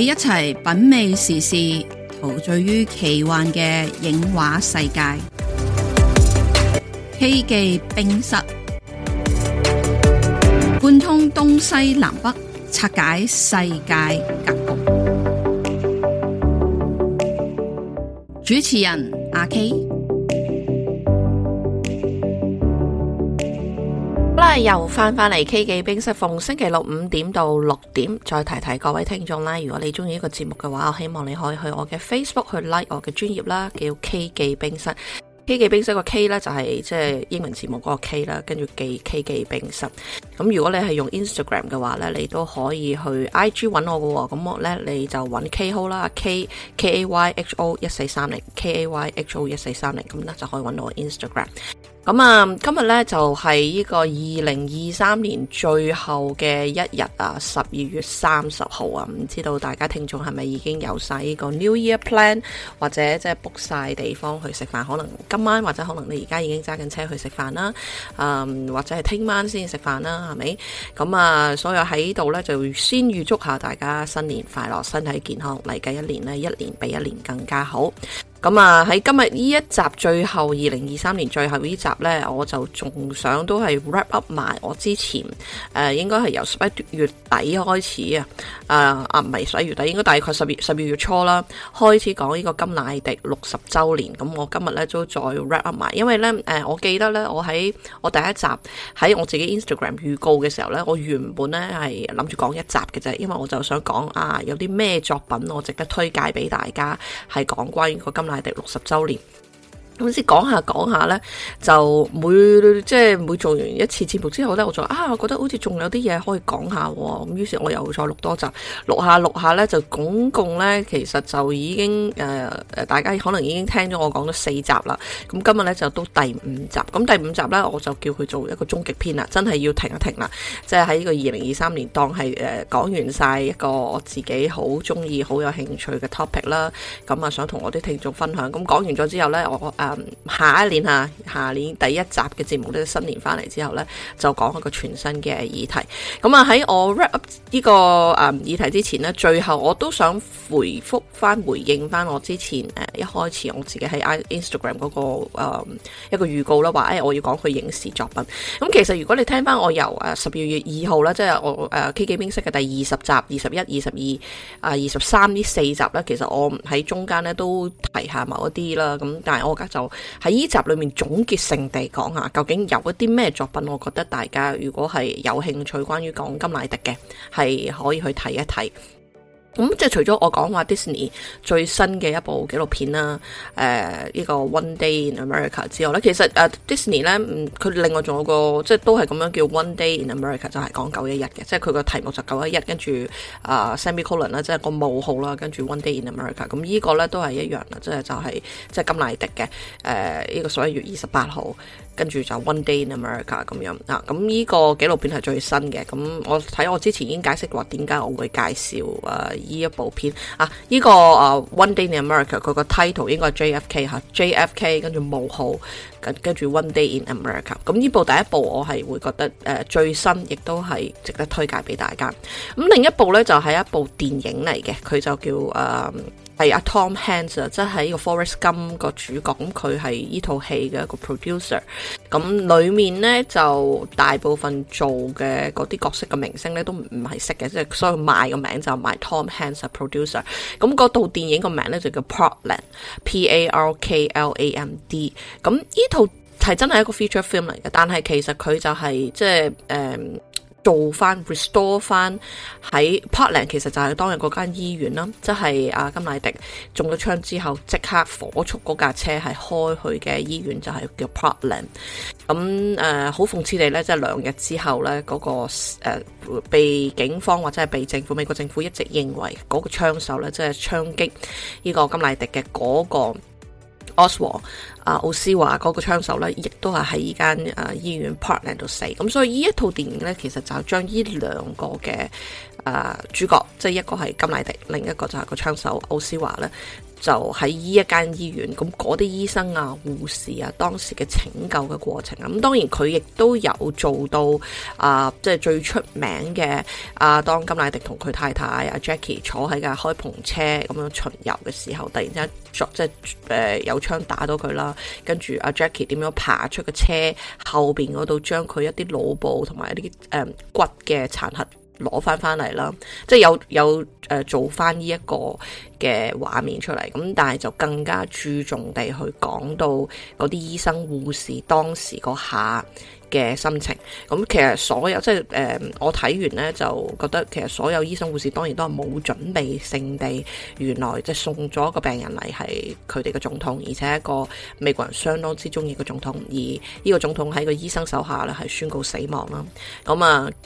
你一齊品味時事，陶醉於奇幻嘅影畫世界。K 記 冰室貫 通東西南北，拆解世界格局。 主持人阿 K。又翻返嚟 K 記冰室，逢星期六五點到六點，再提提各位聽眾啦。如果你中意呢個節目嘅話，我希望你可以去我嘅 Facebook 去 like 我嘅專頁啦，叫 K 記冰室。K 記冰室個 K 呢，就係即係英文字母嗰個 K 啦，跟住記 K 記冰室。咁如果你係用 Instagram 嘅話呢，你都可以去 IG 揾我噶。咁我呢，你就揾 KayHo 啦，K K A Y H O 一四三零 K A Y H O 一四三零，咁呢，就可以揾到我 Instagram。咁啊，今日呢，就係呢個二零二三年最後嘅一日啊，十二月三十號啊，唔知道大家聽眾係咪已經有晒呢個 New Year plan，或者即係 book 晒地方去食飯，可能今晚或者可能你而家已經揸緊車去食飯啦，啊或者係聽晚先食飯啦，係咪？咁啊，所以喺度呢，就先預祝下大家新年快樂，身體健康，嚟緊一年呢，一年比一年更加好。咁啊喺今日呢一集最後二零二三年最後一集呢集咧，我就仲想都係 wrap up 埋我之前誒、呃、應該係由十一月底開始、呃、啊啊唔係十一月底應該大概十二十二月初啦開始講呢個甘迺迪六十周年咁，我今日咧都再 wrap up 埋，因為咧誒、呃、我記得咧我喺我第一集喺我自己 Instagram 預告嘅時候咧，我原本咧係諗住講一集嘅啫，因為我就想講啊有啲咩作品我值得推介俾大家係講關於個甘。迺迪六十周年。咁先講下講下呢，就每即係每做完一次節目之後呢，我就覺啊我覺得好似仲有啲嘢可以講下喎。咁於是我又再錄多集，錄下錄下，錄下呢，就總共呢，其實就已經、呃、大家可能已經聽咗我講咗四集啦。咁今日呢，就到第五集。咁第五集呢，我就叫佢做一個終極編啦，真係要停一停啦。即係喺呢個二零二三年當係誒講完晒一個我自己好鍾意、好有興趣嘅 topic 啦。咁啊想同我啲聽眾分享。咁講完咗之後呢。我、呃嗯、下一年啊，下年第一集嘅節目咧，新年翻嚟之後咧，就講一個全新嘅議題。咁啊喺我 wrap up 呢個誒議題之前咧，最後我都想回覆翻回，回應翻我之前誒一開始我自己喺 Instagram 嗰、那個誒、嗯、一個預告啦，話誒我要講佢影視作品。咁、嗯、其實如果你聽翻我由誒十二月二號啦，即係我誒 K 記冰室嘅第二十集、二十一、二十二啊、二十三呢四集咧，其實我喺中間咧都提一下某啲啦，咁但係我就。喺呢集裏面總結性地講下，究竟有一啲咩作品，我覺得大家如果係有興趣關於講甘迺迪嘅，係可以去睇一睇。咁即係除咗我講話 Disney 最新嘅一部紀錄片啦，誒、呃、呢、這個 One Day in America 之外咧，其實誒 Disney 咧，唔，佢另外仲有個即係都係咁樣叫 One Day in America，就係講九一一嘅，即係佢個題目就九一一，跟住啊 semi-colon 啦，即係個冒號啦，跟住 One Day in America，咁、這個、呢個咧都係一樣啦，即係就係即係甘迺迪嘅，誒、呃、呢、這個十一月二十八號。跟住就 One Day in America 咁樣啊，咁、這、呢個紀錄片係最新嘅，咁、嗯、我睇我之前已經解釋過點解我會介紹誒呢、呃、一部片啊，呢、這個、呃、One Day in America 佢個 title 應該係 JFK 吓、啊、JFK 跟住冒號，跟跟住 One Day in America，咁、嗯、呢部第一部我係會覺得誒、呃、最新，亦都係值得推介俾大家。咁、嗯、另一部呢就係、是、一部電影嚟嘅，佢就叫誒。呃係阿 Tom Hanks 啊，Hanks，即係一個 Forest 金個主角，咁佢係呢套戲嘅一個 producer。咁裏面呢，就大部分做嘅嗰啲角色嘅明星呢都唔係識嘅，即係所以賣個名就賣 Tom Hanks producer。咁嗰部電影個名呢就叫 Parkland P A R K L A M D。咁呢套係真係一個 feature film 嚟嘅，但係其實佢就係、是、即係誒。嗯做翻 restore 翻喺 Parkland 其實就係當日嗰間醫院啦，即係阿甘迺迪中咗槍之後，即刻火速嗰架車係開去嘅醫院，就係、是、叫 Parkland 咁誒好、呃、諷刺地咧，即、就、係、是、兩日之後咧，嗰、那個、呃、被警方或者係被政府美國政府一直認為嗰個槍手咧，即、就、係、是、槍擊呢個甘迺迪嘅嗰、那個。w、呃、斯和阿奧斯華嗰個槍手咧，亦都係喺依間誒醫院 parking 度死。咁所以呢一套電影咧，其實就將呢兩個嘅誒、呃、主角，即係一個係甘迺迪，另一個就係個槍手奧斯華咧。就喺呢一間醫院，咁嗰啲醫生啊、護士啊，當時嘅拯救嘅過程啊，咁當然佢亦都有做到啊、呃，即係最出名嘅啊、呃，當甘迺迪同佢太太阿 Jackie 坐喺架開篷車咁樣巡遊嘅時候，突然之間作即係、呃、有槍打到佢啦，跟住阿、啊、Jackie 點樣爬出個車後面嗰度，將佢一啲腦部同埋一啲、呃、骨嘅殘骸。攞翻翻嚟啦，即係有有誒、呃、做翻呢一個嘅畫面出嚟，咁但係就更加注重地去講到嗰啲醫生護士當時嗰下嘅心情。咁、嗯、其實所有即係誒、呃、我睇完呢，就覺得其實所有醫生護士當然都係冇準備性地，原來即係送咗一個病人嚟係佢哋嘅總統，而且一個美國人相當之中意嘅總統，而呢個總統喺個醫生手下咧係宣告死亡啦。咁、嗯、啊～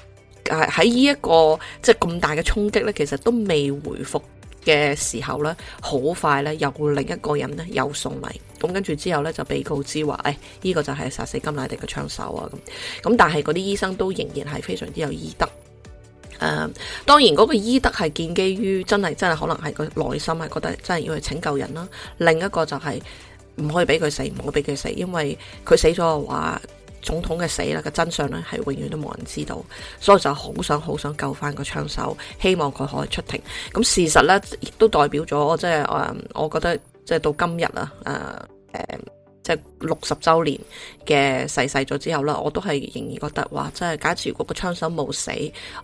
喺呢一個即係咁大嘅衝擊呢，其實都未回復嘅時候呢，好快呢，又另一個人呢，又送嚟，咁跟住之後呢，就被告知話，誒、哎、呢、這個就係殺死甘迺迪嘅槍手啊，咁咁但係嗰啲醫生都仍然係非常之有醫德，誒、嗯，當然嗰個醫德係建基於真係真係可能係個內心係覺得真係要去拯救人啦，另一個就係唔可以俾佢死，唔好俾佢死，因為佢死咗嘅話。總統嘅死啦，個真相咧係永遠都冇人知道，所以就好想好想救翻個槍手，希望佢可以出庭。咁事實咧，亦都代表咗，即係誒、呃，我覺得即係到今日啊，誒、呃、誒，即係六十週年嘅逝世咗之後啦，我都係仍然覺得話，即係假設如果個槍手冇死，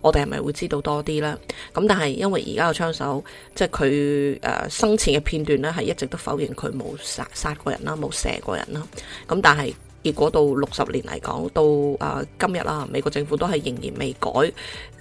我哋係咪會知道多啲咧？咁但係因為而家個槍手，即係佢誒生前嘅片段咧，係一直都否認佢冇殺殺過人啦，冇射過人啦。咁但係。結果到六十年嚟講，到啊今日啦，美國政府都係仍然未改。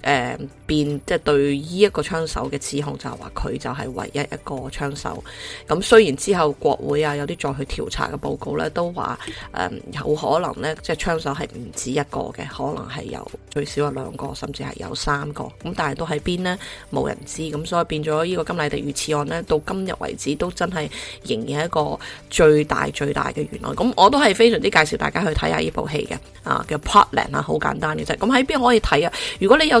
誒、嗯、變即係、就是、對呢一個槍手嘅指控就係話佢就係唯一一個槍手。咁雖然之後國會啊有啲再去調查嘅報告咧，都話誒、嗯、有可能咧，即係槍手係唔止一個嘅，可能係有最少有兩個，甚至係有三個。咁但係都喺邊呢？冇人知。咁所以變咗呢個甘迺迪遇刺案呢，到今日為止都真係仍然一個最大最大嘅懸案。咁我都係非常之介紹大家去睇下呢部戲嘅，啊叫 Parkland 啊，好簡單嘅啫。咁喺邊可以睇啊？如果你有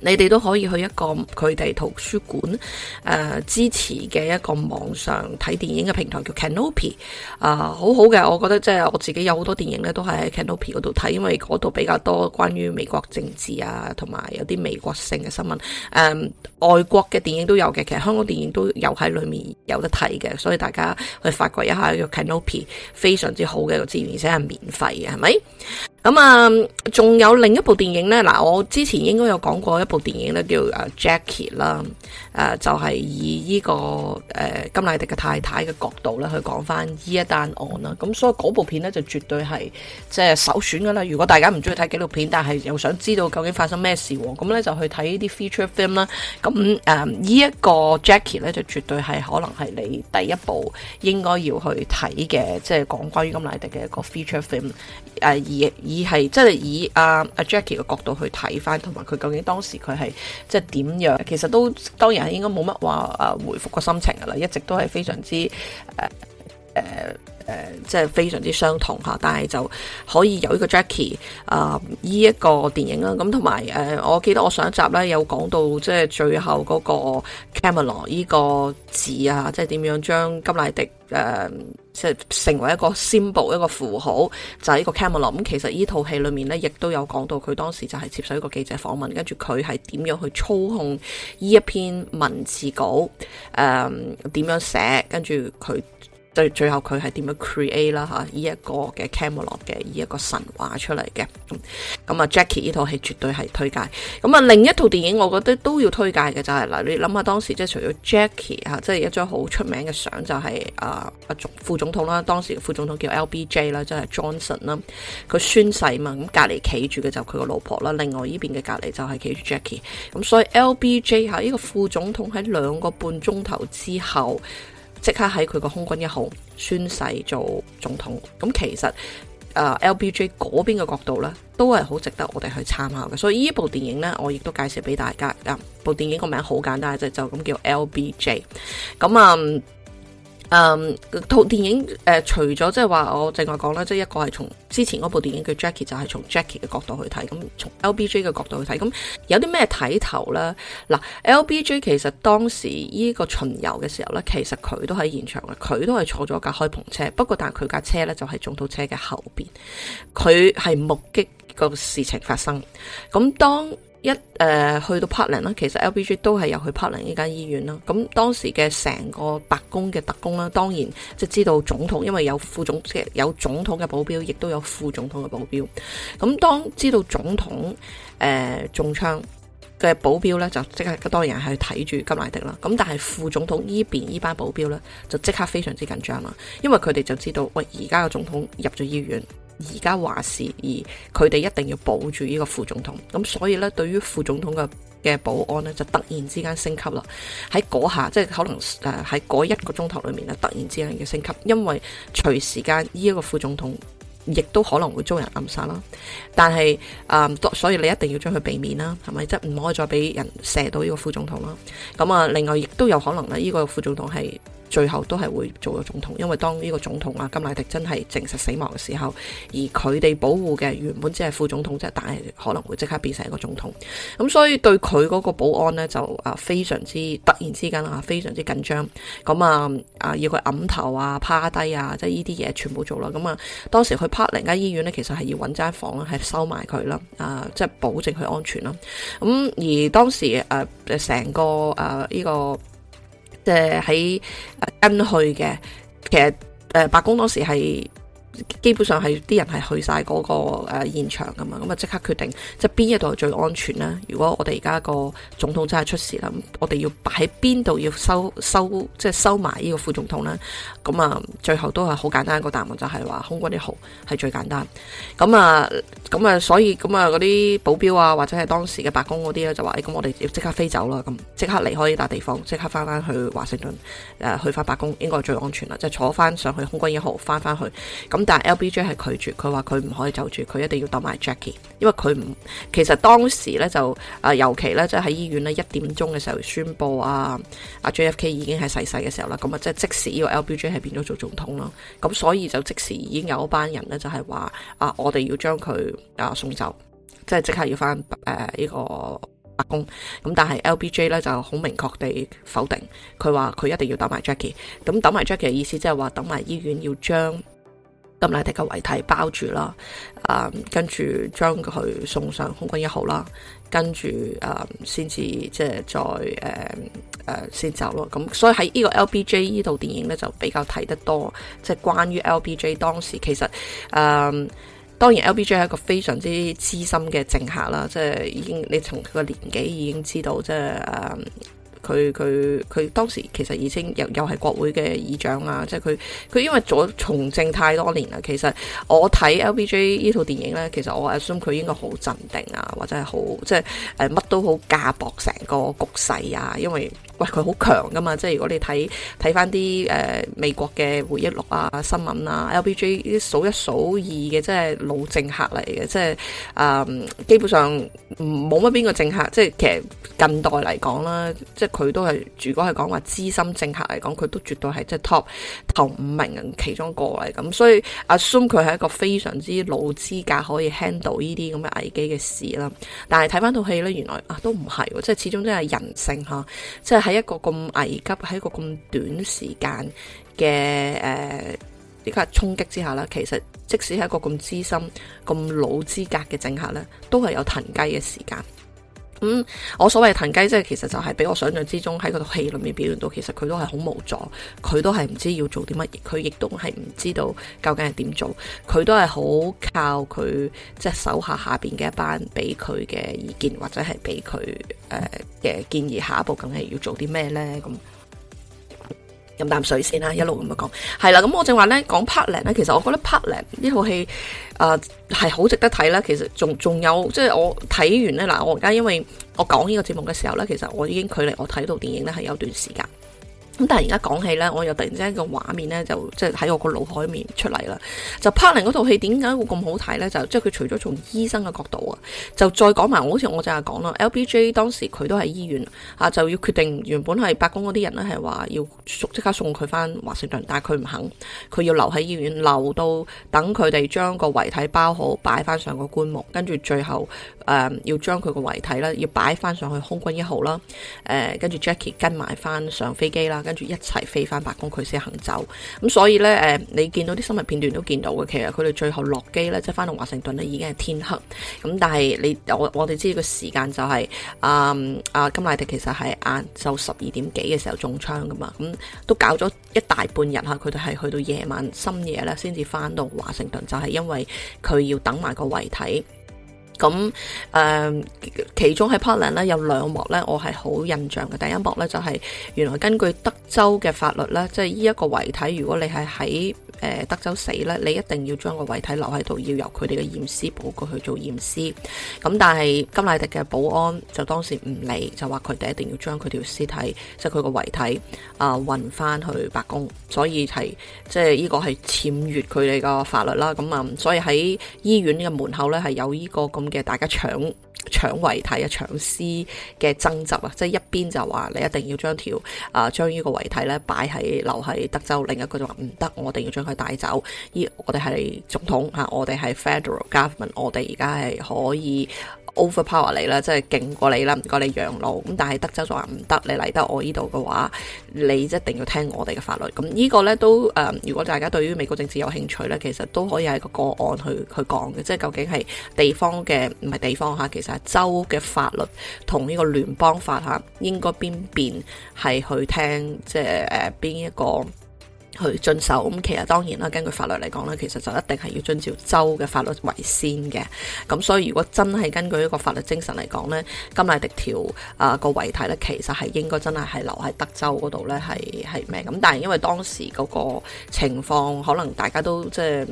你哋都可以去一個佢哋圖書館誒支持嘅一個網上睇電影嘅平台叫 Canopy 啊，呃、好好嘅，我覺得即係我自己有好多電影呢都係喺 Canopy 嗰度睇，因為嗰度比較多關於美國政治啊，同埋有啲美國性嘅新聞，誒、呃、外國嘅電影都有嘅，其實香港電影都有喺裏面有得睇嘅，所以大家去發掘一下叫 Canopy 非常之好嘅一個資源，而且係免費嘅，係咪？咁、嗯、啊，仲有另一部電影呢。嗱，我之前應該有講過一部電影呢叫《Jackie》啦。誒、呃、就係、是、以呢、這個誒甘迺迪嘅太太嘅角度咧去講翻依一單案啦，咁、嗯、所以那部片咧就絕對係即係首選噶啦。如果大家唔中意睇紀錄片，但係又想知道究竟發生咩事喎、啊、咁、嗯、咧就去睇啲 feature film 啦。咁誒依一個 Jackie 咧就絕對係可能係你第一部應該要去睇嘅，即係講關於甘迺迪嘅一個 feature film、呃。誒而而係即係以阿、啊、阿、啊、Jackie 嘅角度去睇翻，同埋佢究竟當時佢係即係點樣其實都當然。應該冇乜話誒回復個心情噶啦，一直都係非常之誒誒。呃呃誒、呃，即係非常之相同但係就可以有呢個 Jackie 啊、呃，依、這、一個電影啦。咁同埋誒，我記得我上一集咧有講到，即係最後嗰個 Camelot 依個字啊，即係點樣將甘迺迪誒，即、呃、係成為一個 symbol 一個符號，就係、是、一個 Camelot 咁、嗯、其實呢套戲裏面咧，亦都有講到佢當時就係接受一個記者訪問，跟住佢係點樣去操控呢一篇文字稿，誒、呃、點樣寫，跟住佢。最最後佢係點樣 create 啦嚇？依一個嘅 Camelot 嘅依一個神話出嚟嘅，咁啊 Jackie 呢套戲絕對係推介。咁啊另一套電影，我覺得都要推介嘅就係、是、嗱，你諗下當時即係除咗 Jackie 嚇，即係一張好出名嘅相就係啊啊副總統啦，當時嘅副總統叫 LBJ 啦，即係 Johnson 啦，佢宣誓嘛，咁隔離企住嘅就佢個老婆啦，另外呢邊嘅隔離就係企住 Jackie，咁所以 LBJ 嚇依個副總統喺兩個半鐘頭之後。即刻喺佢個空軍一號宣誓做總統，咁其實誒 LBJ 嗰邊嘅角度呢，都係好值得我哋去參考嘅。所以呢部電影呢，我亦都介紹俾大家，啊。部電影個名好簡單，就就咁叫 LBJ。咁啊。嗯誒，套電影誒、呃，除咗即係話我另外講啦，即、就、係、是、一個係從之前嗰部電影叫 Jackie 就係從 Jackie 嘅角度去睇，咁、嗯、從 LBJ 嘅角度去睇，咁、嗯、有啲咩睇頭呢？嗱、嗯、LBJ 其實當時呢個巡遊嘅時候呢，其實佢都喺現場嘅，佢都係坐咗架開篷車，不過但係佢架車呢，就係總統車嘅後邊，佢係目擊個事情發生，咁當。一誒、呃、去到柏林啦，其實 LBJ 都係有去柏林呢間醫院啦。咁當時嘅成個白宮嘅特工啦，當然即知道總統，因為有副總即有總統嘅保鏢，亦都有副總統嘅保鏢。咁當知道總統誒、呃、中槍嘅保鏢咧，就即刻當然係去睇住甘迺迪啦。咁但係副總統呢邊呢班保鏢咧，就即刻非常之緊張啦，因為佢哋就知道喂，而家嘅總統入咗醫院。而家話事，而佢哋一定要保住呢個副總統，咁所以呢，對於副總統嘅嘅保安呢，就突然之間升級啦。喺嗰下，即係可能喺嗰一個鐘頭裏面呢，突然之間要升級，因為隨時間呢一個副總統亦都可能會遭人暗殺啦。但係，嗯，所以你一定要將佢避免啦，係咪？即係唔可以再俾人射到呢個副總統啦。咁啊，另外亦都有可能呢，呢、這個副總統係。最後都係會做咗總統，因為當呢個總統啊甘迺迪真係證實死亡嘅時候，而佢哋保護嘅原本只係副總統啫，但係可能會即刻變成一個總統。咁所以對佢嗰個保安呢，就啊非常之突然之間啊非常之緊張。咁啊啊要佢揞頭啊趴低啊，即係呢啲嘢全部做啦。咁啊當時去 Parkland 間醫院呢，其實係要揾間房啦，係收埋佢啦，啊即係保證佢安全啦。咁、啊、而當時誒成個誒呢個。啊這個即係喺跟去嘅，其實誒白宮當時係。基本上係啲人係去晒嗰、那個誒、呃、現場㗎嘛，咁啊即刻決定即係邊一度係最安全咧？如果我哋而家個總統真係出事啦，我哋要擺喺邊度要收收即係收埋呢個副總統咧？咁啊，最後都係好簡單嘅一個答案，就係、是、話空軍一號係最簡單。咁啊咁啊，所以咁啊嗰啲保鏢啊或者係當時嘅白宮嗰啲咧就話，咁、哎、我哋要即刻飛走啦，咁即刻離開呢笪地方，即刻翻翻去華盛頓誒、呃，去翻白宮應該係最安全啦，即係坐翻上去空軍一號翻翻去咁。但係 LBJ 係拒絕，佢話佢唔可以走住，佢一定要等埋 Jackie，因為佢唔其實當時咧就啊、呃、尤其咧即係喺醫院咧一點鐘嘅時候宣佈啊啊 JFK 已經係逝世嘅時候啦，咁啊即係即時呢個 LBJ 係變咗做總統咯，咁所以就即時已經有一班人咧就係、是、話啊我哋要將佢啊送走，即係即刻要返誒、啊這個、呢個白宮，咁但係 LBJ 咧就好明確地否定，佢話佢一定要等埋 Jackie，咁等埋 Jackie 嘅意思即係話等埋醫院要將。甘迺迪嘅遺體包住啦，啊，跟住將佢送上空軍一號啦，跟住先至即係再誒誒、嗯嗯、先走咯。咁、嗯、所以喺呢個 L B J 呢套電影咧，就比較睇得多，即係關於 L B J 當時其實誒、嗯，當然 L B J 係一個非常之資深嘅政客啦，即係已經你從佢個年紀已經知道，即係誒。嗯佢佢佢當時其實已經又又係國會嘅議長啦，即係佢佢因為做從政太多年啦。其實我睇 LBJ 呢套電影咧，其實我 assume 佢應該好鎮定啊，或者係好即係乜、呃、都好駕駛成個局勢啊。因為喂佢好強噶嘛！即係如果你睇睇翻啲誒美國嘅回憶錄啊、新聞啊，LBJ 數一數二嘅即係老政客嚟嘅，即係誒、呃、基本上冇乜邊個政客即係其實近代嚟講啦，即係。佢都係，如果係講話資深政客嚟講，佢都絕對係即係 top 頭五名其中個位咁。所以阿孫佢係一個非常之老資格可以 handle 呢啲咁嘅危機嘅事啦。但係睇翻套戲呢，原來啊都唔係，即係始終都係人性嚇，即係喺一個咁危急、喺一個咁短時間嘅誒，呃、呢個衝擊之下啦。其實即使係一個咁資深、咁老資格嘅政客呢，都係有騰雞嘅時間。咁、嗯、我所謂騰雞即係其實就係俾我想象之中喺嗰套戲裏面表現到，其實佢都係好無助，佢都係唔知道要做啲乜嘢，佢亦都係唔知道究竟係點做，佢都係好靠佢即係手下下邊嘅一班俾佢嘅意見或者係俾佢誒嘅建議下一步梗係要做啲咩咧咁。嗯飲啖水先啦，一路咁樣講，係啦，咁我正話咧講《Parkland》咧，其實我覺得《Park、呃、land》呢套戲啊係好值得睇啦。其實仲仲有即係、就是、我睇完咧嗱，我而家因為我講呢個節目嘅時候咧，其實我已經距離我睇到電電影咧係有段時間。咁但係而家講起咧，我又突然之間個畫面咧就即係喺我個腦海面出嚟啦。就《Parkland》嗰套戲點解會咁好睇咧？就即係佢除咗從醫生嘅角度啊，就再講埋我好似我淨係講啦，LBJ 當時佢都喺醫院啊，就要決定原本係白宮嗰啲人咧係話要即刻送佢翻華盛頓，但係佢唔肯，佢要留喺醫院留到等佢哋將個遺體包好擺翻上個棺木，跟住最後誒、呃、要將佢個遺體咧要擺翻上去空軍一號啦，誒跟住 Jackie 跟埋翻上飛機啦。跟住一齊飛翻白宮，佢先行走。咁所以呢，誒，你見到啲新聞片段都見到嘅，其實佢哋最後落機呢，即係翻到華盛頓呢，已經係天黑。咁但係你我我哋知個時間就係、是嗯，啊啊甘迺迪其實係晏晝十二點幾嘅時候中槍噶嘛。咁、嗯、都搞咗一大半日吓，佢哋係去到夜晚深夜呢，先至翻到華盛頓，就係、是、因為佢要等埋個遺體。咁誒、嗯，其中喺 Parkland 咧有兩幕咧，我係好印象嘅。第一幕咧就係原來根據德州嘅法律咧，即係依一個遺體，如果你係喺誒德州死咧，你一定要將個遺體留喺度，要由佢哋嘅驗屍保局去做驗屍，咁但係甘迺迪嘅保安就當時唔理，就話佢哋一定要將佢條屍體，即係佢個遺體啊運翻去白宮，所以係即係依個係僭越佢哋嘅法律啦。咁啊，所以喺醫院嘅門口咧係有依、這個咁。嘅大家搶搶遺體啊，搶屍嘅爭執啊，即係一邊就話你一定要將條啊將呢個遺體咧擺喺留喺德州，另一個就話唔得，我一定要將佢帶走。依我哋係總統啊，我哋係 federal government，我哋而家係可以。Overpower 你啦，即係勁過你啦，唔該你讓路，咁但係德州就話唔得，你嚟得我呢度嘅話，你一定要聽我哋嘅法律。咁呢個呢，都誒、呃，如果大家對於美國政治有興趣呢，其實都可以係個個案去去講嘅。即係究竟係地方嘅唔係地方吓，其實係州嘅法律同呢個聯邦法吓，應該邊邊係去聽即係邊、呃、一個？去遵守咁，其實當然啦。根據法律嚟講咧，其實就一定係要遵照州嘅法律為先嘅。咁所以如果真係根據一個法律精神嚟講咧，甘迺迪條啊個遺體咧，其實係應該真係，係留喺德州嗰度咧，係係咩？咁但係因為當時嗰個情況可能大家都即係。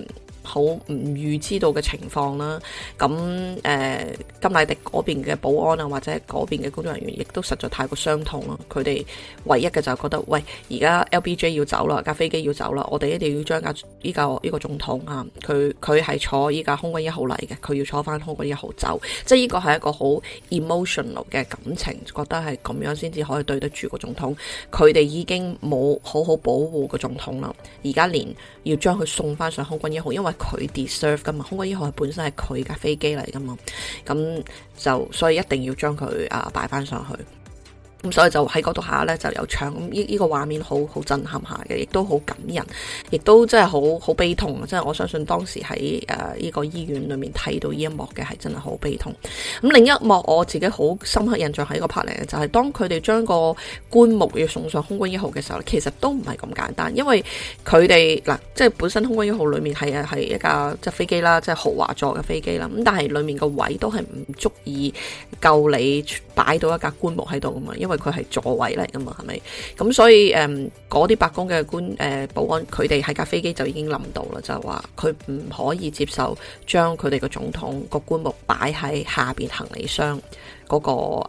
好唔預知道嘅情況啦，咁誒、呃、金禮迪嗰邊嘅保安啊，或者嗰邊嘅工作人員，亦都實在太過傷痛啦。佢哋唯一嘅就係覺得，喂，而家 LBJ 要走啦，架飛機要走啦，我哋一定要將架依架呢個總、呢個、統啊，佢佢係坐依架空軍一號嚟嘅，佢要坐翻空軍一號走，即係呢個係一個好 emotional 嘅感情，覺得係咁樣先至可以對得住個總統，佢哋已經冇好好保護個總統啦，而家連要將佢送翻上空軍一號，因為佢 deserve 噶嘛，空軍一號本身係佢架飛機嚟噶嘛，咁就所以一定要將佢啊擺返上去。咁所以就喺嗰度下咧就有唱，咁呢呢個畫面好好震撼下嘅，亦都好感人，亦都真係好好悲痛啊！真係我相信當時喺誒呢個醫院裏面睇到呢一幕嘅係真係好悲痛。咁另一幕我自己好深刻印象喺嗰 part 嚟嘅就係、是、當佢哋將個棺木要送上空軍一號嘅時候咧，其實都唔係咁簡單，因為佢哋嗱即係本身空軍一號裏面係啊係一架即係飛機啦，即係豪華座嘅飛機啦，咁但係裏面個位都係唔足以夠你擺到一架棺木喺度噶嘛，因為。佢係座位嚟㗎嘛，係咪？咁所以誒，嗰、嗯、啲白宮嘅官誒、呃、保安，佢哋喺架飛機就已經諗到啦，就係話佢唔可以接受將佢哋嘅總統個棺木擺喺下邊行李箱。嗰個誒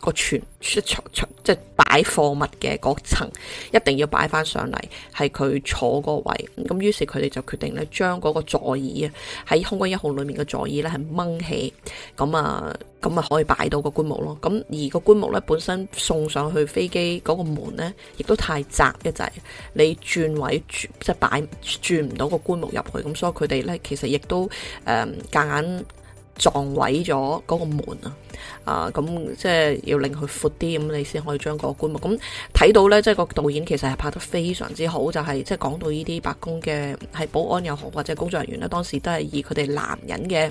個存，即係擺貨物嘅嗰層，一定要擺翻上嚟，係佢坐個位。咁於是佢哋就決定咧，將嗰個座椅啊，喺空軍一號裏面嘅座椅咧，係掹起。咁啊，咁啊可以擺到個棺木咯。咁而個棺木咧，本身送上去飛機嗰個門咧，亦都太窄嘅，就係你轉位，即係擺轉唔到個棺木入去。咁所以佢哋咧，其實亦都誒夾硬。呃撞毀咗嗰個門啊！啊、呃，咁即係要令佢闊啲，咁你先可以將嗰個棺木咁睇到呢，即係個導演其實係拍得非常之好，就係即係講到呢啲白宮嘅係保安又好，或者工作人員咧，當時都係以佢哋男人嘅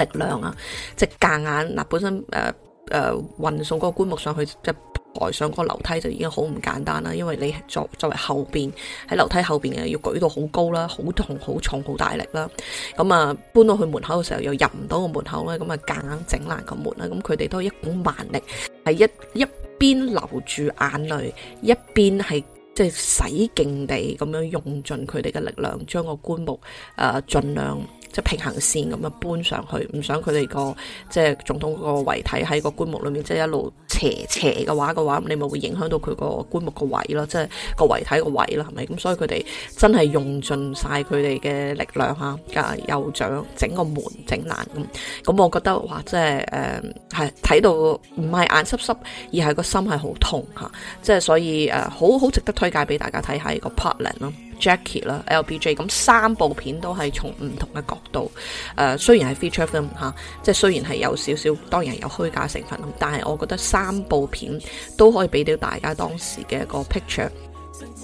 力量啊，即係硬眼嗱、呃，本身誒誒、呃呃、運送嗰個棺木上去即。抬上個樓梯就已經好唔簡單啦，因為你作作為後邊喺樓梯後邊又要舉到好高啦，好痛、好重、好大力啦。咁啊，搬到去門口嘅時候又入唔到個門口啦，咁啊夾硬整爛個門啦。咁佢哋都係一股蠻力，係一一邊流住眼淚，一邊係即係使勁地咁樣用盡佢哋嘅力量，將個棺木誒盡量。即係平衡線咁樣，搬上去唔想佢哋個即係總統個遺體喺個棺木裏面，即係一路斜斜嘅話嘅話，你咪會影響到佢個棺木個位咯，即係個遺體個位咯，係咪？咁所以佢哋真係用盡晒佢哋嘅力量嚇，又將整個門整爛咁。咁我覺得哇，即係誒係睇到唔係眼濕濕，而係個心係好痛嚇，即係所以誒，好、呃、好值得推介俾大家睇下呢個 part 咧咯。Jackie 啦，LBJ，咁三部片都係從唔同嘅角度，誒、呃，雖然係 feature film 吓、啊，即係雖然係有少少，當然係有虛假成分，但係我覺得三部片都可以俾到大家當時嘅一個 picture，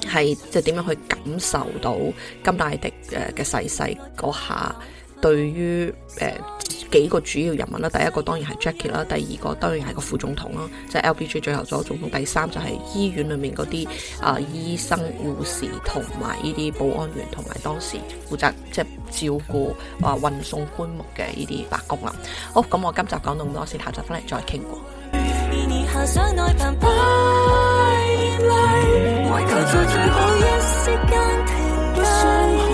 係即係點樣去感受到甘迺迪嘅嘅細細嗰下。對於誒、呃、幾個主要人物啦，第一個當然係 Jackie 啦，第二個當然係個副總統啦，即係 LBJ 最後做總統，第三就係醫院裏面嗰啲啊醫生、護士同埋呢啲保安員同埋當時負責即係照顧啊、呃、運送棺木嘅呢啲白宮啦。好，咁、嗯、我今集講到咁多，先下集翻嚟，再傾過。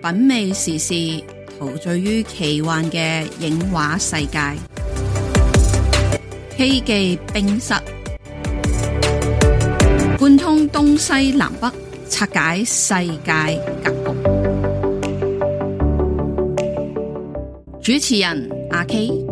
品味時事，陶醉於奇幻嘅影畫世界。K 記冰室貫通東西南北，拆解世界格局。主持人阿 K。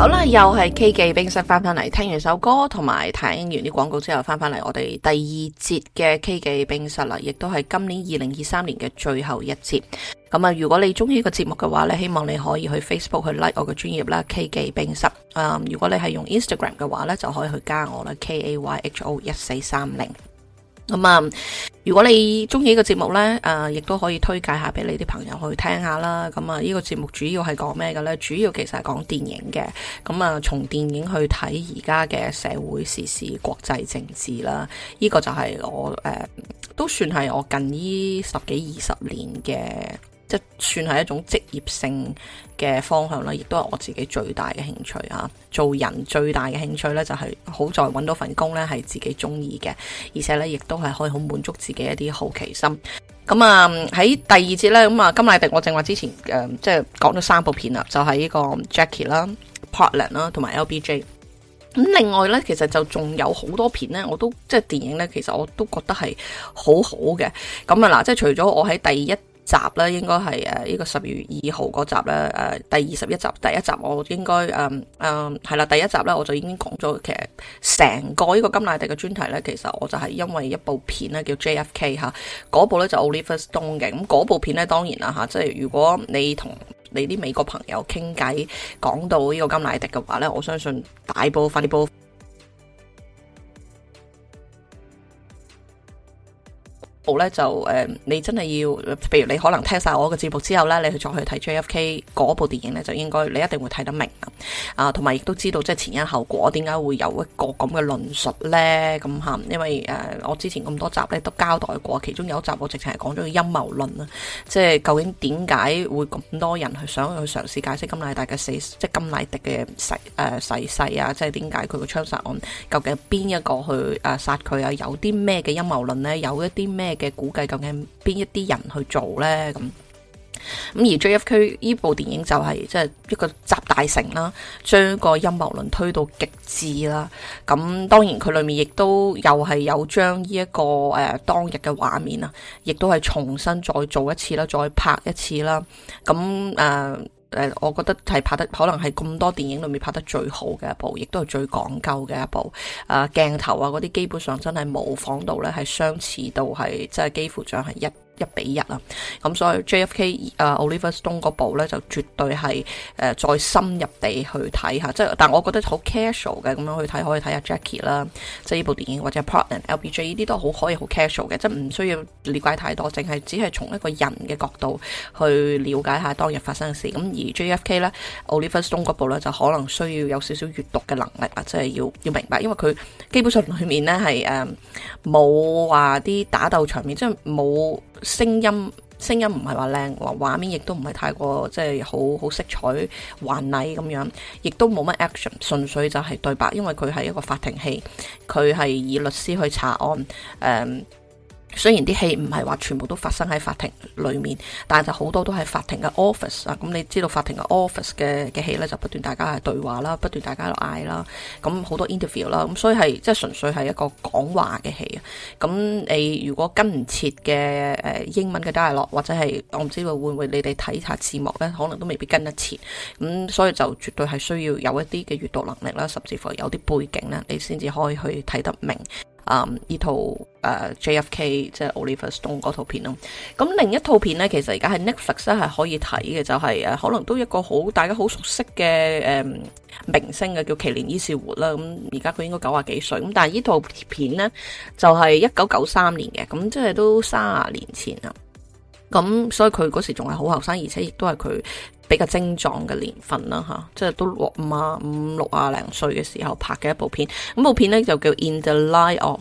好啦，又係 K 記冰室翻返嚟，聽完首歌同埋睇完啲廣告之後，翻返嚟我哋第二節嘅 K 記冰室啦，亦都係今年二零二三年嘅最後一節。咁啊，如果你中意個節目嘅話咧，希望你可以去 Facebook 去 like 我嘅專頁啦，K 記冰室。啊，如果你係用 Instagram 嘅話咧，就可以去加我啦，K A Y H O 一四三零。K-A-Y-H-O-1430 咁、嗯、啊，如果你中意呢個節目呢，誒、呃，亦都可以推介下俾你啲朋友去聽下啦。咁、嗯、啊，呢、這個節目主要係講咩嘅呢？主要其實係講電影嘅。咁、嗯、啊，從電影去睇而家嘅社會時事、國際政治啦，呢、這個就係我誒、呃，都算係我近呢十幾二十年嘅。即算係一種職業性嘅方向啦，亦都係我自己最大嘅興趣吓。做人最大嘅興趣咧、就是，就係好在搵到份工咧，係自己中意嘅，而且咧亦都係可以好滿足自己一啲好奇心。咁啊喺第二節咧，咁啊甘迺迪，我正話之前誒、嗯，即係講咗三部片啦，就係、是、呢個 Jackie 啦、Parkland 啦同埋 LBJ。咁另外咧，其實就仲有好多片咧，我都即係電影咧，其實我都覺得係好好嘅。咁啊嗱，即係除咗我喺第一。集咧，應該係誒呢個十二月二號嗰集咧，第二十一集、嗯嗯、第一集我應該誒誒係啦，第一集咧我就已經講咗，其實成個呢個甘迺迪嘅專題咧，其實我就係因為一部片咧，叫 JFK 嚇嗰部咧，就 Oliver Stone 嘅。咁嗰部片咧，當然啦嚇，即係如果你同你啲美國朋友傾偈講到呢個甘迺迪嘅話咧，我相信大部分啲部就誒、呃，你真係要，譬如你可能聽晒我個節目之後咧，你去再去睇 JFK 嗰部電影咧，就應該你一定會睇得明啊，啊、呃，同埋亦都知道即係前因後果，點解會有一個咁嘅論述咧？咁、嗯、吓，因為誒、呃，我之前咁多集咧都交代過，其中有一集我直情係講咗個陰謀論啊，即係究竟點解會咁多人去想去嘗試解釋甘迺迪嘅死，即係甘迺迪嘅死誒死，、呃、死，死啊，即係點解佢個槍殺案究竟係邊一個去誒、呃、殺佢啊？有啲咩嘅陰謀論呢？有一啲咩？嘅估計究竟邊一啲人去做呢？咁咁而 JFK 呢部電影就係即係一個集大成啦，將個陰謀論推到極致啦。咁當然佢裏面亦都又係有將呢、這、一個誒、呃、當日嘅畫面啊，亦都係重新再做一次啦，再拍一次啦。咁誒。呃誒，我覺得係拍得可能係咁多電影裏面拍得最好嘅一部，亦都係最講究嘅一部。誒，啊，鏡頭啊，嗰啲基本上真係模仿到咧，係相似到係，即係幾乎就係一。一比一啊，咁所以 JFK 啊、uh, Oliver Stone 嗰部咧就絕對係誒、uh, 再深入地去睇下，即係但我覺得好 casual 嘅咁樣去睇，可以睇下 Jackie 啦，即係呢部電影或者 Parkland LBJ 呢啲，都好可以好 casual 嘅，即係唔需要了解太多，淨係只係從一個人嘅角度去了解一下當日發生嘅事。咁而 JFK 咧、uh,，Oliver Stone 嗰部咧就可能需要有少少閱讀嘅能力啊，即係要要明白，因為佢基本上裏面咧係誒冇話啲打鬥場面，即係冇。聲音，聲音唔係話靚，畫面亦都唔係太過即係好好色彩華麗咁樣，亦都冇乜 action，純粹就係對白，因為佢係一個法庭戲，佢係以律師去查案，誒、嗯。雖然啲戲唔係話全部都發生喺法庭裏面，但係就好多都係法庭嘅 office 啊！咁、嗯、你知道法庭嘅 office 嘅嘅戲呢，就不斷大家係對話啦，不斷大家喺度嗌啦，咁、啊、好、嗯、多 interview 啦、啊，咁所以係即係純粹係一個講話嘅戲啊！咁你如果跟唔切嘅誒英文嘅 dialogue 或者係我唔知道會唔會你哋睇下字幕呢，可能都未必跟得切，咁、嗯、所以就絕對係需要有一啲嘅閱讀能力啦，甚至乎有啲背景呢，你先至可以去睇得明。嗯、um，呢、uh, 套 JFK 即係 Oliver Stone 嗰套片咯。咁另一套片咧，其實而家係 Netflix 咧係可以睇嘅，就係、是、可能都一個好大家好熟悉嘅誒明星嘅叫瓊蓮伊士活啦。咁而家佢應該九廿幾歲？咁但係呢套片咧就係一九九三年嘅，咁即係都三啊年前啦。咁所以佢嗰時仲係好後生，而且亦都係佢。比較精壯嘅年份啦嚇，即係都五六五啊五六啊零歲嘅時候拍嘅一部片，咁部片咧就叫《In the Light of》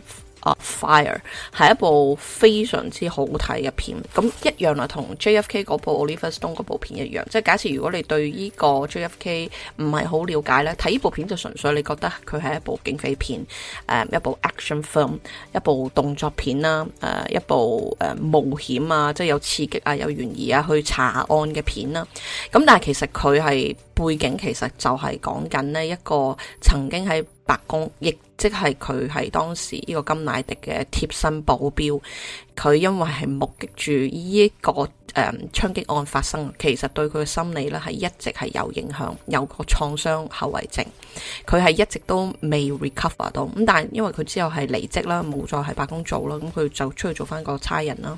Fire 係一部非常之好睇嘅片，咁一樣啊，同 J.F.K. 嗰部 Oliver Stone 嗰部片一樣。即係假設如果你對呢個 J.F.K. 唔係好了解咧，睇呢部片就純粹你覺得佢係一部警匪片，誒，一部 action film，一部動作片啦，誒，一部誒冒險啊，即係有刺激啊，有懸疑啊，去查案嘅片啦。咁但係其實佢係背景其實就係講緊呢一個曾經喺。白宮亦即係佢係當時呢個甘迺迪嘅貼身保鏢。佢因為係目擊住呢、這個誒、嗯、槍擊案發生，其實對佢嘅心理咧係一直係有影響，有個創傷後遺症。佢係一直都未 recover 到。咁但係因為佢之後係離職啦，冇再喺白宮做啦，咁佢就出去做翻個差人啦。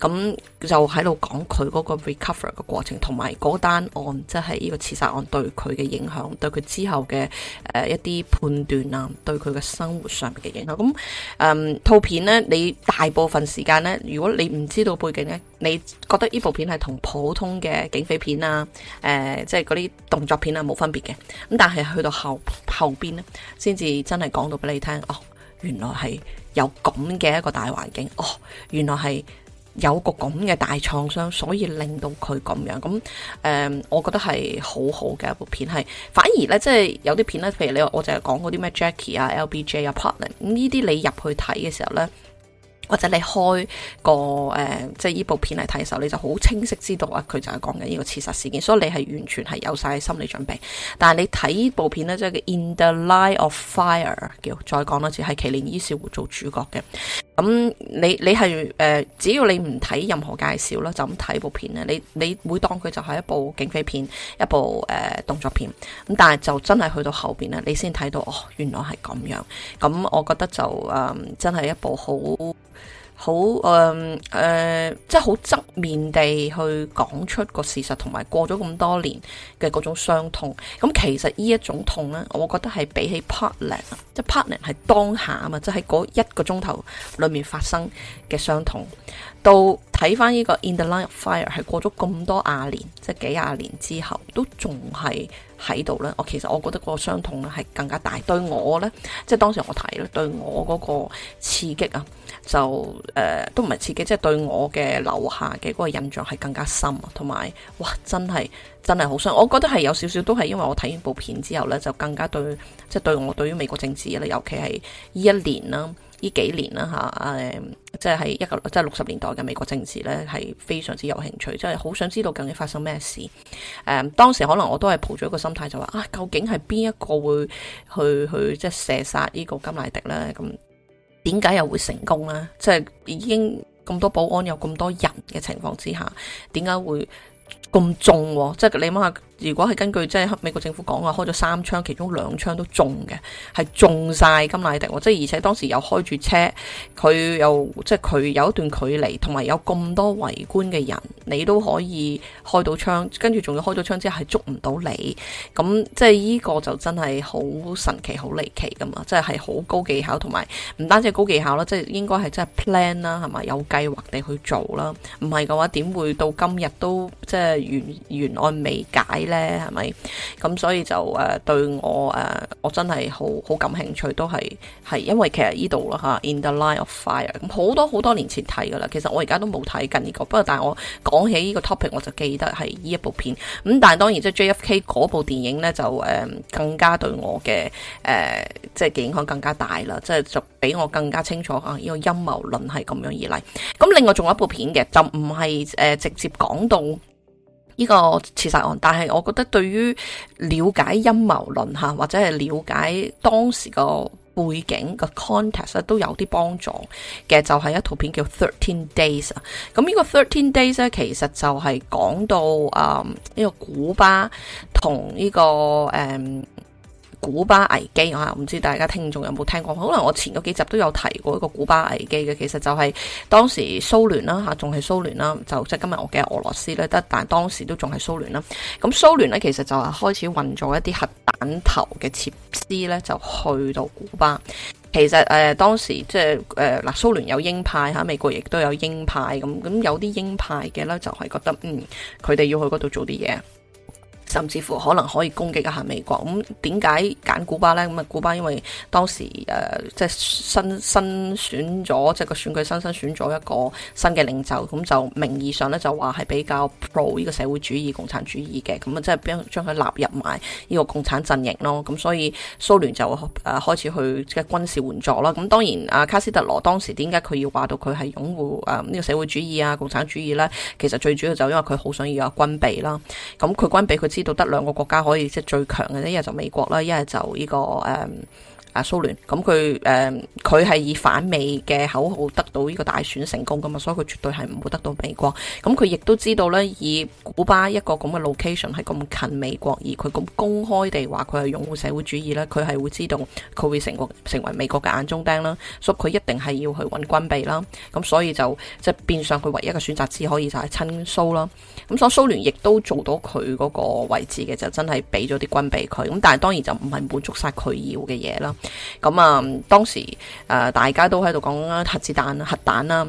咁就喺度講佢嗰 recover 嘅過程，同埋嗰單案即係呢個刺殺案對佢嘅影響，對佢之後嘅誒、呃、一啲判斷啊，對佢嘅生活上面嘅影響，咁誒套片咧，你大部分時間。但咧，如果你唔知道背景咧，你覺得呢部片係同普通嘅警匪片啊，誒、呃，即係嗰啲動作片啊，冇分別嘅。咁但係去到後後邊咧，先至真係講到俾你聽，哦，原來係有咁嘅一個大環境，哦，原來係有個咁嘅大創傷，所以令到佢咁樣。咁、嗯、誒，我覺得係好好嘅一部片，係反而咧，即係有啲片咧，譬如你我就係講嗰啲咩 Jackie 啊、LBJ 啊、Apartment 呢啲你入去睇嘅時候咧。或者你開個誒、呃，即係依部片嚟睇嘅時候，你就好清晰知道啊，佢就係講緊呢個刺殺事件，所以你係完全係有晒心理準備。但係你睇呢部片呢，即係叫《In the Line of Fire》，叫再講多次，係奇連伊士活做主角嘅。咁你你係誒、呃，只要你唔睇任何介紹啦，就咁睇部片咧，你你會當佢就係一部警匪片，一部誒、呃、動作片咁，但係就真係去到後邊咧，你先睇到哦，原來係咁樣。咁我覺得就誒、呃，真係一部好。好誒、呃呃、即係好側面地去講出個事實，同埋過咗咁多年嘅嗰種傷痛。咁其實呢一種痛呢，我覺得係比起 partner，即係 partner 係當下啊嘛，即係嗰一個鐘頭裏面發生嘅傷痛，到睇翻呢個《In the Line of Fire》係過咗咁多廿年，即係幾廿年之後，都仲係。喺度咧，我其實我覺得個傷痛咧係更加大。對我呢，即係當時我睇咧，對我嗰個刺激啊，就誒，呃，都唔係刺激，即係對我嘅留下嘅嗰個印象係更加深啊，同埋哇，真係真係好傷。我覺得係有少少都係因為我睇完部片之後呢，就更加對，即係對我對於美國政治咧，尤其係呢一年啦。呢幾年啦吓，誒、即係一個即係六十年代嘅美國政治呢，係非常之有興趣，即係好想知道究竟發生咩事。誒、當時可能我都係抱咗一個心態，就話啊，究竟係邊一個會去去即係射殺呢個甘迺迪呢？咁點解又會成功呢？即係已經咁多保安，有咁多人嘅情況之下，點解會？咁重喎、啊，即係你諗下，如果係根據即係美國政府講嘅，開咗三槍，其中兩槍都中嘅，係中晒甘迺迪，即係而且當時又開住車，佢又即係佢有一段距離，同埋有咁多圍觀嘅人，你都可以開到槍，跟住仲要開咗槍之後係捉唔到你，咁即係呢，這個就真係好神奇，好離奇噶嘛，即係係好高技巧，同埋唔單止係高技巧啦，即係應該係真係 plan 啦，係咪？有計劃地去做啦，唔係嘅話點會到今日都即係。原原案未解呢，係咪？咁所以就誒對我誒我真係好好感興趣，都係係因為其實呢度啦吓，In the Line of Fire，咁好多好多年前睇噶啦。其實我而家都冇睇緊呢個，不過但係我講起呢個 topic，我就記得係呢一部片。咁但係當然即係 JFK 嗰部電影呢，就誒更加對我嘅誒即係影響更加大啦，即、就、係、是、就比我更加清楚啊！呢、這個陰謀論係咁樣而嚟。咁另外仲有一部片嘅，就唔係誒直接講到。呢、這個刺殺案，但係我覺得對於了解陰謀論嚇，或者係了解當時個背景個 context 都有啲幫助嘅，就係、是、一套片叫《Thirteen Days》啊。咁呢個《Thirteen Days》咧，其實就係講到誒呢、嗯這個古巴同呢、這個誒。嗯古巴危機啊，唔知大家聽眾有冇聽過？可能我前嗰幾集都有提過一個古巴危機嘅，其實就係當時蘇聯啦嚇，仲係蘇聯啦，就即係今日我嘅俄羅斯咧得，但係當時都仲係蘇聯啦。咁蘇聯咧其實就係開始運咗一啲核彈頭嘅設施咧，就去到古巴。其實誒、呃、當時即係誒嗱蘇聯有鷹派嚇，美國亦都有鷹派咁，咁有啲鷹派嘅咧就係覺得嗯，佢哋要去嗰度做啲嘢。甚至乎可能可以攻擊一下美國咁，點解揀古巴呢？咁啊，古巴因為當時誒即係新新選咗，即係個選舉新新選咗一個新嘅領袖，咁就名義上咧就話係比較 pro 呢個社會主義共產主義嘅，咁啊即係將將佢納入埋呢個共產陣營咯。咁所以蘇聯就誒開始去即係、就是、軍事援助啦。咁當然啊，卡斯特羅當時點解佢要話到佢係擁護誒呢、啊呢個社會主義啊、共產主義呢？其實最主要就因為佢好想要有軍備啦。咁佢軍備佢知。都得兩個國家可以即係最強嘅，一係就美國啦，一係就呢個誒。啊蘇聯咁佢誒佢係以反美嘅口號得到呢個大選成功噶嘛，所以佢絕對係唔會得到美國。咁佢亦都知道呢以古巴一個咁嘅 location 係咁近美國，而佢咁公開地話佢係擁護社會主義呢佢係會知道佢會成個成為美國嘅眼中釘啦。所以佢一定係要去揾軍備啦。咁所以就即係、就係、變相佢唯一嘅選擇，只可以就係親蘇啦。咁所以蘇聯亦都做到佢嗰個位置嘅就真係俾咗啲軍備佢。咁但係當然就唔係滿足晒佢要嘅嘢啦。咁啊，當時誒，大家都喺度講啦核子彈、核彈啦。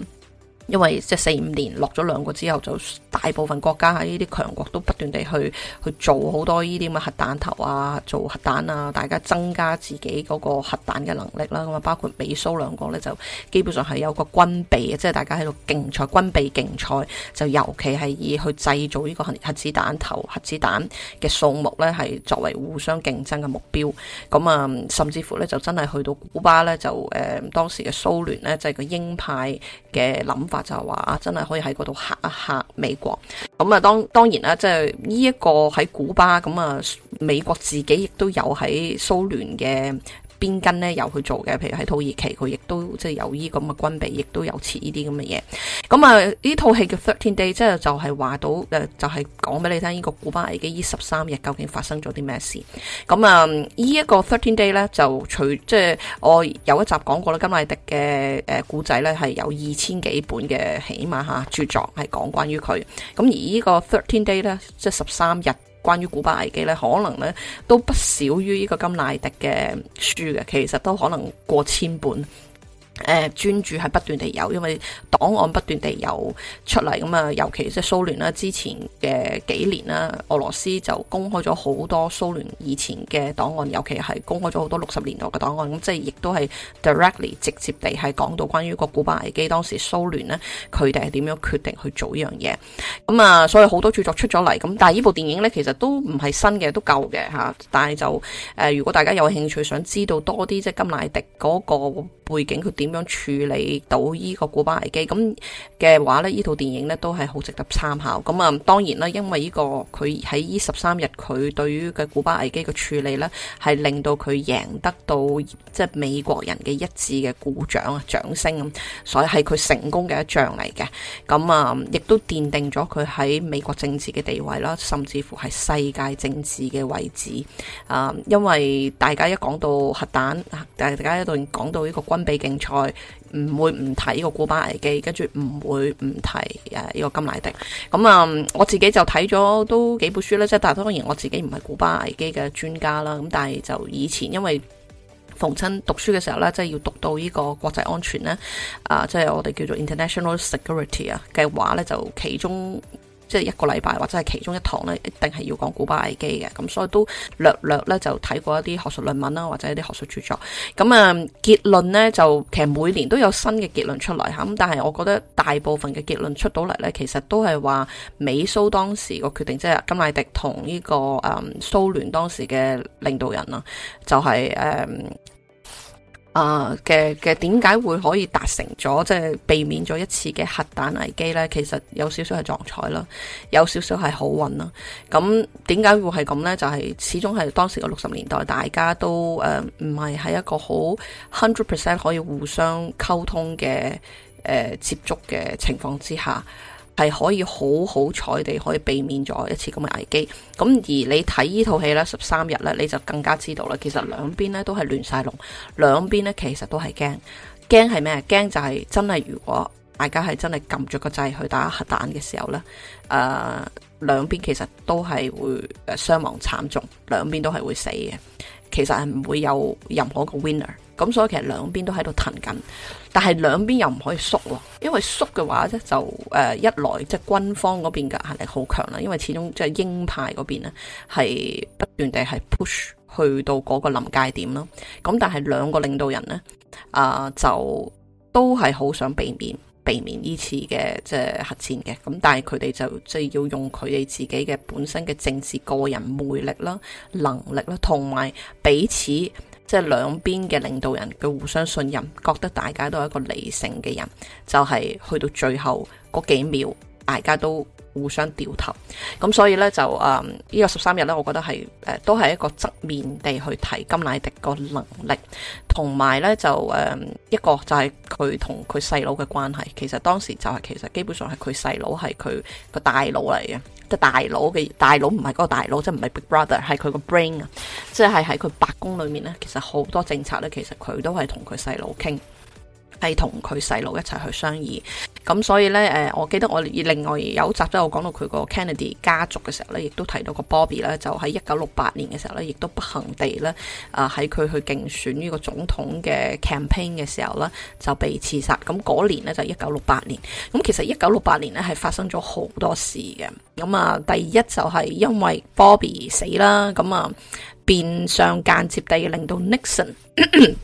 因為即係四五年落咗兩個之後，就大部分國家喺呢啲強國都不斷地去去做好多呢啲咁核彈頭啊，做核彈啊，大家增加自己嗰個核彈嘅能力啦。咁啊，包括美蘇兩個呢，就基本上係有個軍備，即係大家喺度競賽軍備競賽，就尤其係以去製造呢個核子彈頭、核子彈嘅數目呢，係作為互相競爭嘅目標。咁啊，甚至乎呢，就真係去到古巴呢，就誒當時嘅蘇聯呢，即係個鷹派嘅諗法。就話啊，真係可以喺嗰度嚇一嚇美國。咁啊，當當然啦，即係呢一個喺古巴，咁啊，美國自己亦都有喺蘇聯嘅。邊跟呢？有去做嘅？譬如喺土耳其，佢亦都即係有呢咁嘅軍備，亦都有似呢啲咁嘅嘢。咁啊，呢套戲叫 Thirteen Day，即係就係、是、話到，誒就係講俾你聽，呢、這個古巴危機呢十三日究竟發生咗啲咩事？咁啊，呢、這、一個 Thirteen Day 呢，就除即係、就是、我有一集講過啦，甘迺迪嘅誒古仔呢，係有二千幾本嘅，起碼下著作係講關於佢。咁而呢個 Thirteen Day 呢，即係十三日。關於古巴危機咧，可能咧都不少於呢個甘迺迪嘅書嘅，其實都可能過千本。誒專注係不斷地有，因為檔案不斷地有出嚟咁啊。尤其即係蘇聯啦，之前嘅幾年啦，俄羅斯就公開咗好多蘇聯以前嘅檔案，尤其係公開咗好多六十年代嘅檔案咁，即係亦都係 directly 直接地係講到關於個古巴危機當時蘇聯咧，佢哋係點樣決定去做呢樣嘢咁啊？所以好多著作出咗嚟咁，但係呢部電影呢，其實都唔係新嘅，都舊嘅嚇。但係就誒、呃，如果大家有興趣，想知道多啲即係甘迺迪嗰、那個。背景佢點樣處理到呢個古巴危機，咁嘅話咧？呢套電影咧都係好值得參考。咁啊，當然啦，因為呢個佢喺呢十三日佢對於嘅古巴危機嘅處理咧，係令到佢贏得到即係美國人嘅一致嘅鼓掌啊掌聲，咁，所以係佢成功嘅一仗嚟嘅。咁啊，亦都奠定咗佢喺美國政治嘅地位啦，甚至乎係世界政治嘅位置啊、嗯。因為大家一講到核彈大家一度講到呢個。軍備競賽唔會唔提呢個古巴危機，跟住唔會唔提誒呢個甘迺迪。咁、嗯、啊，我自己就睇咗都幾本書啦，即係但係當然我自己唔係古巴危機嘅專家啦。咁但係就以前因為逢親讀書嘅時候咧，即係要讀到呢個國際安全咧啊，即係我哋叫做 international security 啊嘅話咧，就其中。即係一個禮拜或者係其中一堂咧，一定係要講古巴危機嘅，咁所以都略略咧就睇過一啲學術論文啦，或者一啲學術著作。咁啊結論呢，就其實每年都有新嘅結論出嚟嚇，咁但係我覺得大部分嘅結論出到嚟呢，其實都係話美蘇當時個決定，即係甘迺迪同呢個誒蘇聯當時嘅領導人啦，就係誒。嗯啊嘅嘅點解會可以達成咗，即係避免咗一次嘅核彈危機呢？其實有少少係撞彩啦，有少少係好運啦。咁點解會係咁呢？就係始終係當時嘅六十年代，大家都誒唔係喺一個好 hundred percent 可以互相溝通嘅誒接觸嘅情況之下。係可以好好彩地可以避免咗一次咁嘅危機，咁而你睇呢套戲呢，十三日呢，你就更加知道啦。其實兩邊呢都係亂晒龍，兩邊呢其實都係驚，驚係咩？驚就係真係如果大家係真係撳住個掣去打核彈嘅時候呢，誒兩邊其實都係會傷亡慘重，兩邊都係會死嘅。其實係唔會有任何個 winner，咁所以其實兩邊都喺度騰緊。但係兩邊又唔可以縮喎，因為縮嘅話咧就誒一來即係、就是、軍方嗰邊嘅壓力好強啦，因為始終即係鷹派嗰邊咧係不斷地係 push 去到嗰個臨界點咯。咁但係兩個領導人呢，啊、呃、就都係好想避免避免呢次嘅即係核戰嘅。咁但係佢哋就即係、就是、要用佢哋自己嘅本身嘅政治個人魅力啦、能力啦，同埋彼此。即係兩邊嘅領導人嘅互相信任，覺得大家都係一個理性嘅人，就係去到最後嗰幾秒，大家都，互相掉頭，咁所以呢，就誒呢、嗯呢個十三日呢，我覺得係誒、呃、都係一個側面地去睇甘迺迪個能力，同埋呢，就誒、嗯、一個就係佢同佢細佬嘅關係。其實當時就係、係、其實基本上係佢細佬係佢個大佬嚟嘅，即係大佬嘅大佬唔係嗰個大佬，即係唔係 Big Brother，係佢個 brain 啊，即係喺佢白宮裏面呢，其實好多政策呢，其實佢都係同佢細佬傾。係同佢細佬一齊去商議，咁所以呢，我記得我另外有集都有講到佢個 Kennedy 家族嘅時候呢，亦都提到個 Bobby 呢，就喺一九六八年嘅時候呢，亦都不幸地呢，啊，喺佢去競選呢個總統嘅 campaign 嘅時候呢，就被刺殺。咁嗰年呢，就一九六八年。咁其實一九六八年呢，係發生咗好多事嘅。咁啊，第一就係因為 Bobby 死啦，咁啊，變相間接地令到 Nixon。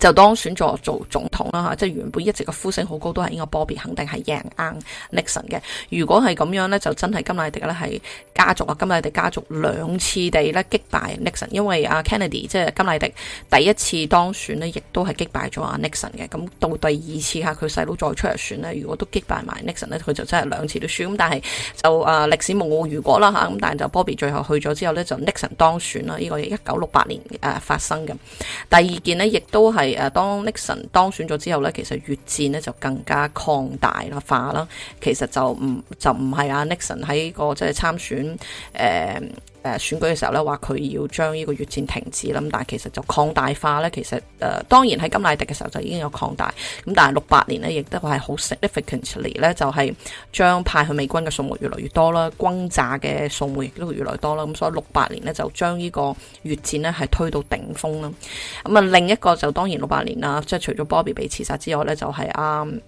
就當選咗做，做總統啦嚇，即係原本一直個呼聲好高，都係應該 Bobby 肯定係贏硬 Nixon 嘅。如果係咁樣呢，就真係甘迺迪咧係家族啊，甘迺迪家族兩次地咧擊敗 Nixon，因為阿 Kennedy 即係甘迺迪第一次當選呢，亦都係擊敗咗阿 Nixon 嘅。咁到第二次嚇，佢細佬再出嚟選呢，如果都擊敗埋 Nixon 呢，佢就真係兩次都輸。咁但係就誒歷史冇如果啦吓，咁但係就 Bobby 最後去咗之後呢，就 Nixon 當選啦。呢、這個一九六八年誒發生嘅第二件呢，亦都係。當 Nixon 當選咗之後咧，其實越戰咧就更加擴大啦化啦，其實就唔就唔係啊 Nixon 喺個即係參、就是、選、呃誒選舉嘅時候咧，話佢要將呢個越戰停止啦。咁但係其實就擴大化咧。其實誒、呃、當然喺金乃迪嘅時候就已經有擴大咁，但係六八年呢，亦都係好 s i g n i f i c a n t l y 咧，就係、是、將派去美軍嘅送目越來越多啦，軍炸嘅送目亦都越來越多啦。咁所以六八年呢，就將呢個越戰呢係推到頂峰啦。咁、嗯、啊，另一個就當然六八年啦，即係除咗 Bobby 被刺殺之外呢，就係、是、啊。嗯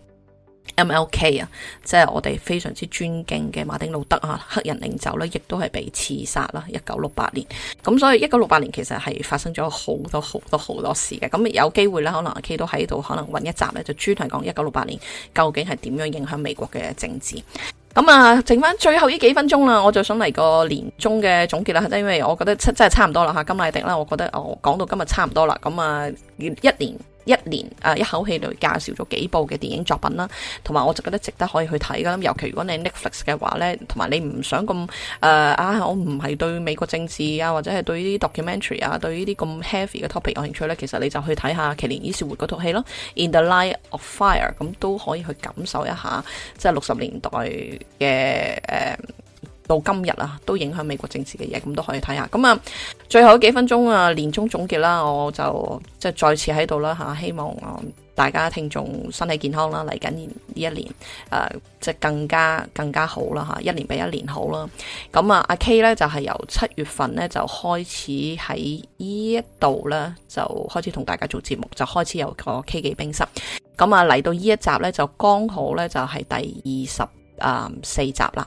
M L K 啊，即係我哋非常之尊敬嘅馬丁路德啊，黑人領袖呢，亦都係被刺殺啦，一九六八年。咁所以一九六八年其實係發生咗好多好多好多事嘅。咁有機會呢，可能阿 K 都喺度，可能搵一集呢，就專題講一九六八年究竟係點樣影響美國嘅政治。咁啊，剩翻最後呢幾分鐘啦，我就想嚟個年終嘅總結啦，因為我覺得真真係差唔多啦吓，甘迺迪啦，我覺得我講到今日差唔多啦，咁啊，一年。一年一口氣嚟介紹咗幾部嘅電影作品啦，同埋我就覺得值得可以去睇㗎。尤其如果你 Netflix 嘅話呢，同埋你唔想咁誒、呃、啊，我唔係對美國政治啊，或者係對呢啲 documentary 啊，對呢啲咁 heavy 嘅 topic 有興趣呢，其實你就去睇下《奇連伊士活》嗰套戲咯，《In the Light of Fire》，嗯，咁都可以去感受一下，即係六十年代嘅誒。呃到今日啊，都影響美國政治嘅嘢，咁都可以睇下。咁啊，最後幾分鐘啊，年終總結啦，我就即係再次喺度啦吓，希望大家聽眾身體健康啦，嚟緊呢一年誒，即、呃、係更加更加好啦吓，一年比一年好啦。咁啊，阿 K 呢，就係由七月份呢，就開始喺呢一度呢，就開始同大家做節目，就開始有個 K 記冰室。咁啊，嚟到呢一集呢，就剛好呢，就係第二十誒四集啦。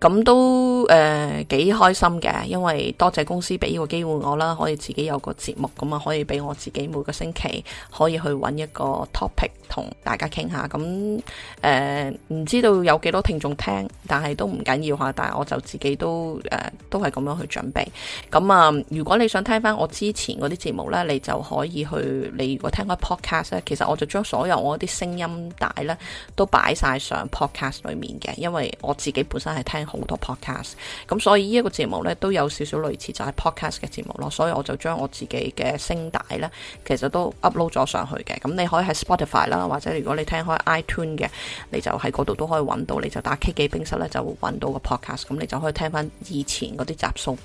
咁都誒幾、呃、開心嘅，因為多謝公司俾個機會我啦，可以自己有個節目咁啊，可以俾我自己每個星期可以去揾一個 topic 同大家傾下。咁誒唔知道有幾多聽眾聽，但係都唔緊要吓，但係我就自己都誒、呃、都係咁樣去準備，咁啊、呃，如果你想聽翻我之前嗰啲節目咧，你就可以去。你如果聽開 podcast 咧，其實我就將所有我啲聲音帶咧都擺晒上 podcast 裏面嘅，因為我自己本身係聽。好多 podcast，咁所以呢一個節目呢，都有少少類似就係 podcast 嘅節目咯，所以我就將我自己嘅聲帶呢，其實都 upload 咗上去嘅。咁你可以喺 Spotify 啦，或者如果你聽開 iTune 嘅，你就喺嗰度都可以揾到，你就打 K 記冰室呢，就會揾到個 podcast，咁你就可以聽翻以前嗰啲集數。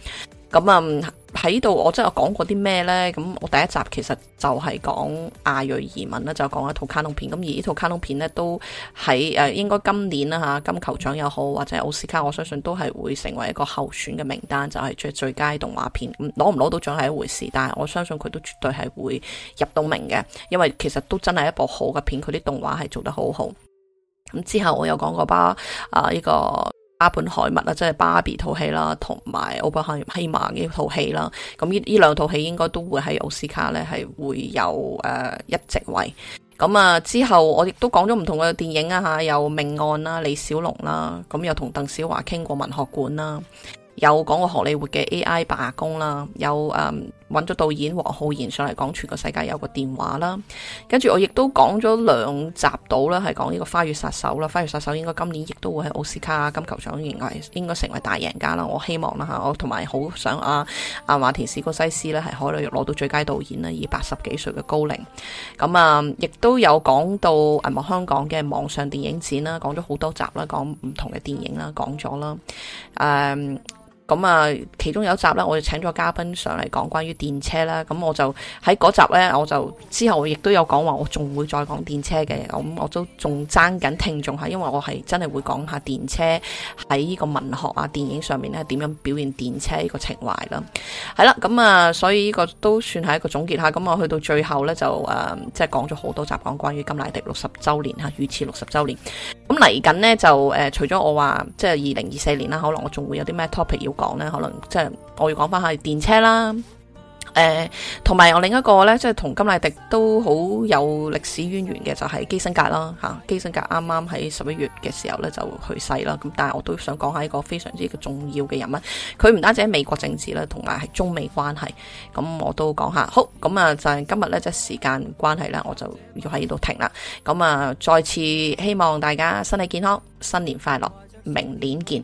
咁、嗯、啊，喺度我真係講過啲咩呢？咁我第一集其實就係講《亞裔移民》啦，就講、是、一套卡通片。咁而呢套卡通片呢，都喺誒，應該今年啦吓，金球獎又好或者奧斯卡，我相信都係會成為一個候選嘅名單，就係、是、最最佳動畫片。咁攞唔攞到獎係一回事，但係我相信佢都絕對係會入到名嘅，因為其實都真係一部好嘅片，佢啲動畫係做得好好。咁之後我又講過吧，啊、呃、呢、這個。巴本海默啦，即係芭比套戲啦，同埋奧本海默呢套戲啦，咁呢呢兩套戲應該都會喺奧斯卡呢係會有誒一席位。咁啊之後我亦都講咗唔同嘅電影啊吓，有命案啦，李小龍啦，咁又同鄧小華傾過文學館啦，有講過荷里活嘅 A I 罷工啦，有誒。揾咗導演黃浩然上嚟講《全個世界有個電話》啦，跟住我亦都講咗兩集到啦，係講呢、呢個《花月殺手》啦，《花月殺手》應該今年亦都會喺奧斯卡金球獎成為應該成為大贏家啦，我希望啦吓我同埋好想阿、啊、阿馬田史哥西斯呢，係可以攞到最佳導演啦，以八十幾歲嘅高齡，咁啊亦都有講到誒，是是香港嘅網上電影展啦，講咗好多集啦，講唔同嘅電影啦，講咗啦，嗯咁啊，其中有一集咧，我就請咗嘉賓上嚟講關於電車啦。咁我就喺嗰集呢，我就之後我亦都有講話，我仲會再講電車嘅。咁我，我都仲爭緊聽眾嚇，因為我係真係會講下電車喺呢個文學啊、電影上面咧點樣表現電車呢個情懷啦。係啦，咁啊，所以呢個都算係一個總結下，咁我去到最後呢，就誒、呃、即係講咗好多集講關於甘迺迪六十週年嚇，遇刺六十週年。咁嚟緊呢，就誒、呃，除咗我話即係二零二四年啦，可能我仲會有啲咩 topic 要講呢？可能即係我要講翻下電車啦。誒、呃，同埋我另一個呢，即係同甘迺迪都好有歷史淵源嘅，就係基辛格啦吓。基辛格啱啱喺十一月嘅時候呢，就去世啦，咁但係我都想講下一個非常之重要嘅人物，佢唔單止喺美國政治啦，同埋係中美關係，咁我都講下。好，咁啊就係今日呢，即係時間關係呢，我就要喺呢度停啦。咁啊，再次希望大家身體健康，新年快樂，明年見。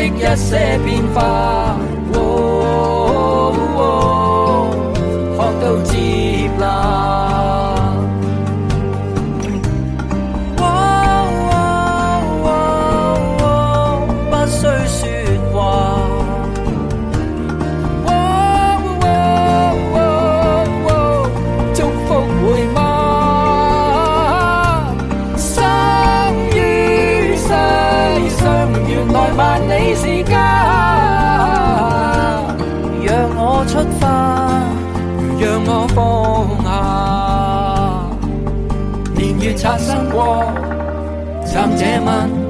的一些變化。我放下，年月擦身過，暫借問。